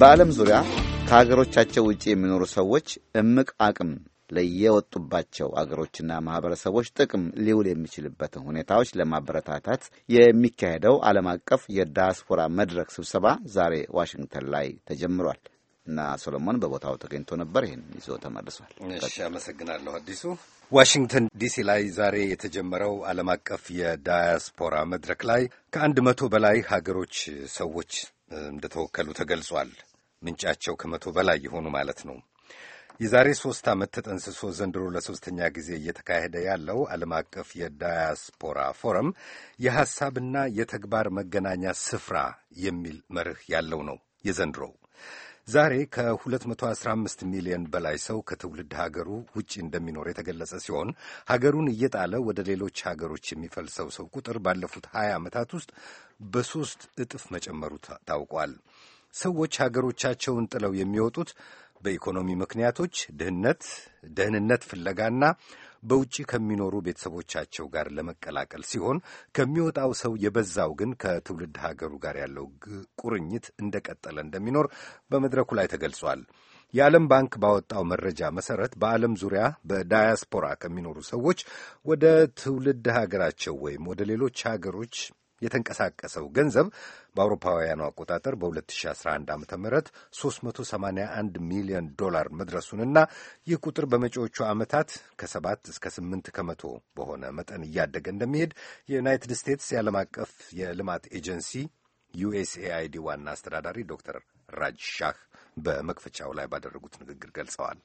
በዓለም ዙሪያ ከሀገሮቻቸው ውጭ የሚኖሩ ሰዎች እምቅ አቅም ለየወጡባቸው አገሮችና ማኅበረሰቦች ጥቅም ሊውል የሚችልበትን ሁኔታዎች ለማበረታታት የሚካሄደው ዓለም አቀፍ የዳያስፖራ መድረክ ስብሰባ ዛሬ ዋሽንግተን ላይ ተጀምሯል እና ሶሎሞን በቦታው ተገኝቶ ነበር። ይህን ይዞ ተመልሷል። እሺ፣ አመሰግናለሁ አዲሱ። ዋሽንግተን ዲሲ ላይ ዛሬ የተጀመረው ዓለም አቀፍ የዳያስፖራ መድረክ ላይ ከአንድ መቶ በላይ ሀገሮች ሰዎች እንደተወከሉ ተገልጿል። ምንጫቸው ከመቶ በላይ የሆኑ ማለት ነው። የዛሬ ሶስት ዓመት ተጠንስሶ ዘንድሮ ለሶስተኛ ጊዜ እየተካሄደ ያለው ዓለም አቀፍ የዳያስፖራ ፎረም የሐሳብና የተግባር መገናኛ ስፍራ የሚል መርህ ያለው ነው የዘንድሮው። ዛሬ ከ215 ሚሊዮን በላይ ሰው ከትውልድ ሀገሩ ውጭ እንደሚኖር የተገለጸ ሲሆን ሀገሩን እየጣለ ወደ ሌሎች ሀገሮች የሚፈልሰው ሰው ቁጥር ባለፉት 20 ዓመታት ውስጥ በሦስት እጥፍ መጨመሩ ታውቋል። ሰዎች ሀገሮቻቸውን ጥለው የሚወጡት በኢኮኖሚ ምክንያቶች፣ ድህነት፣ ደህንነት ፍለጋና በውጭ ከሚኖሩ ቤተሰቦቻቸው ጋር ለመቀላቀል ሲሆን ከሚወጣው ሰው የበዛው ግን ከትውልድ ሀገሩ ጋር ያለው ቁርኝት እንደቀጠለ እንደሚኖር በመድረኩ ላይ ተገልጿል። የዓለም ባንክ ባወጣው መረጃ መሰረት በዓለም ዙሪያ በዳያስፖራ ከሚኖሩ ሰዎች ወደ ትውልድ ሀገራቸው ወይም ወደ ሌሎች ሀገሮች የተንቀሳቀሰው ገንዘብ በአውሮፓውያኑ አቆጣጠር በ2011 ዓ ም 381 ሚሊዮን ዶላር መድረሱንና ይህ ቁጥር በመጪዎቹ ዓመታት ከ7 እስከ 8 ከመቶ በሆነ መጠን እያደገ እንደሚሄድ የዩናይትድ ስቴትስ የዓለም አቀፍ የልማት ኤጀንሲ ዩኤስኤአይዲ ዋና አስተዳዳሪ ዶክተር ራጅ ሻህ በመክፈቻው ላይ ባደረጉት ንግግር ገልጸዋል።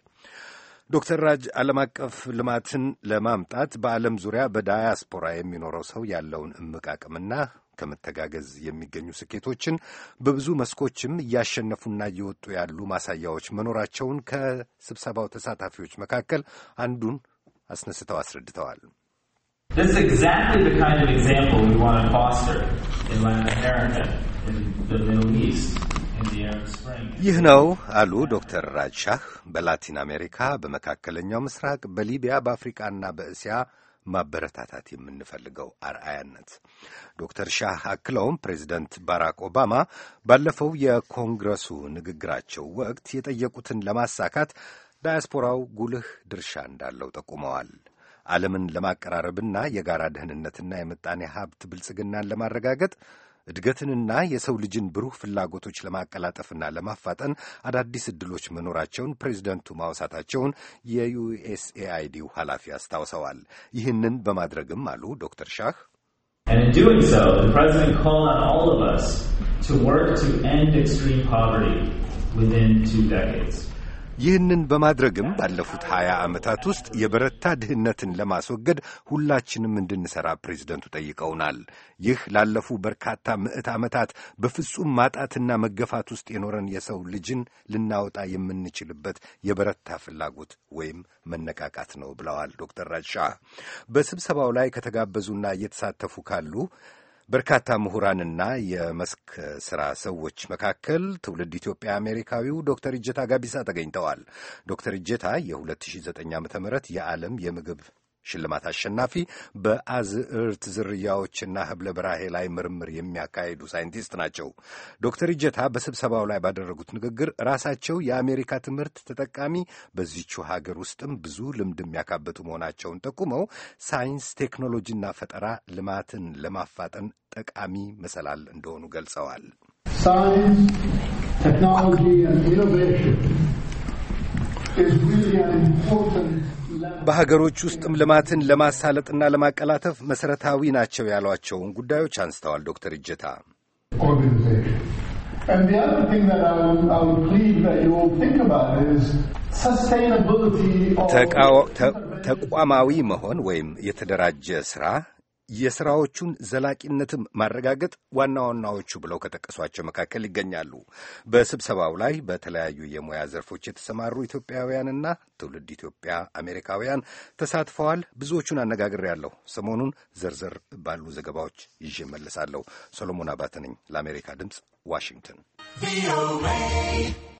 ዶክተር ራጅ ዓለም አቀፍ ልማትን ለማምጣት በዓለም ዙሪያ በዳያስፖራ የሚኖረው ሰው ያለውን እምቅ አቅምና ከመተጋገዝ የሚገኙ ስኬቶችን በብዙ መስኮችም እያሸነፉና እየወጡ ያሉ ማሳያዎች መኖራቸውን ከስብሰባው ተሳታፊዎች መካከል አንዱን አስነስተው አስረድተዋል። This ይህ ነው አሉ ዶክተር ራጅሻህ በላቲን አሜሪካ፣ በመካከለኛው ምስራቅ፣ በሊቢያ፣ በአፍሪቃና በእስያ ማበረታታት የምንፈልገው አርአያነት። ዶክተር ሻህ አክለውም ፕሬዚደንት ባራክ ኦባማ ባለፈው የኮንግረሱ ንግግራቸው ወቅት የጠየቁትን ለማሳካት ዳያስፖራው ጉልህ ድርሻ እንዳለው ጠቁመዋል። ዓለምን ለማቀራረብና የጋራ ደህንነትና የምጣኔ ሀብት ብልጽግናን ለማረጋገጥ እድገትንና የሰው ልጅን ብሩህ ፍላጎቶች ለማቀላጠፍና ለማፋጠን አዳዲስ እድሎች መኖራቸውን ፕሬዚደንቱ ማውሳታቸውን የዩኤስኤአይዲው ኃላፊ አስታውሰዋል። ይህንን በማድረግም አሉ ዶክተር ሻህ ፕሬዚደንት ይህንን በማድረግም ባለፉት ሀያ ዓመታት ውስጥ የበረታ ድህነትን ለማስወገድ ሁላችንም እንድንሠራ ፕሬዚደንቱ ጠይቀውናል። ይህ ላለፉ በርካታ ምዕት ዓመታት በፍጹም ማጣትና መገፋት ውስጥ የኖረን የሰው ልጅን ልናወጣ የምንችልበት የበረታ ፍላጎት ወይም መነቃቃት ነው ብለዋል ዶክተር ራድሻ በስብሰባው ላይ ከተጋበዙና እየተሳተፉ ካሉ በርካታ ምሁራንና የመስክ ስራ ሰዎች መካከል ትውልድ ኢትዮጵያ አሜሪካዊው ዶክተር እጀታ ጋቢሳ ተገኝተዋል። ዶክተር እጀታ የ2009 ዓ ም የዓለም የምግብ ሽልማት አሸናፊ በአዝዕርት ዝርያዎችና ህብለ ብራሄ ላይ ምርምር የሚያካሂዱ ሳይንቲስት ናቸው። ዶክተር እጀታ በስብሰባው ላይ ባደረጉት ንግግር ራሳቸው የአሜሪካ ትምህርት ተጠቃሚ በዚቹ ሀገር ውስጥም ብዙ ልምድ የሚያካበቱ መሆናቸውን ጠቁመው ሳይንስ፣ ቴክኖሎጂና ፈጠራ ልማትን ለማፋጠን ጠቃሚ መሰላል እንደሆኑ ገልጸዋል። ሳይንስ ቴክኖሎጂ ኢኖቬሽን በሀገሮች ውስጥም ልማትን ለማሳለጥና ለማቀላተፍ መሰረታዊ ናቸው ያሏቸውን ጉዳዮች አንስተዋል ዶክተር እጀታ። ተቋማዊ መሆን ወይም የተደራጀ ስራ የሥራዎቹን ዘላቂነትም ማረጋገጥ ዋና ዋናዎቹ ብለው ከጠቀሷቸው መካከል ይገኛሉ። በስብሰባው ላይ በተለያዩ የሙያ ዘርፎች የተሰማሩ ኢትዮጵያውያንና ትውልድ ኢትዮጵያ አሜሪካውያን ተሳትፈዋል። ብዙዎቹን አነጋግሬያለሁ። ሰሞኑን ዘርዘር ባሉ ዘገባዎች ይዤ መለሳለሁ። ሰሎሞን አባተ ነኝ ለአሜሪካ ድምፅ ዋሽንግተን።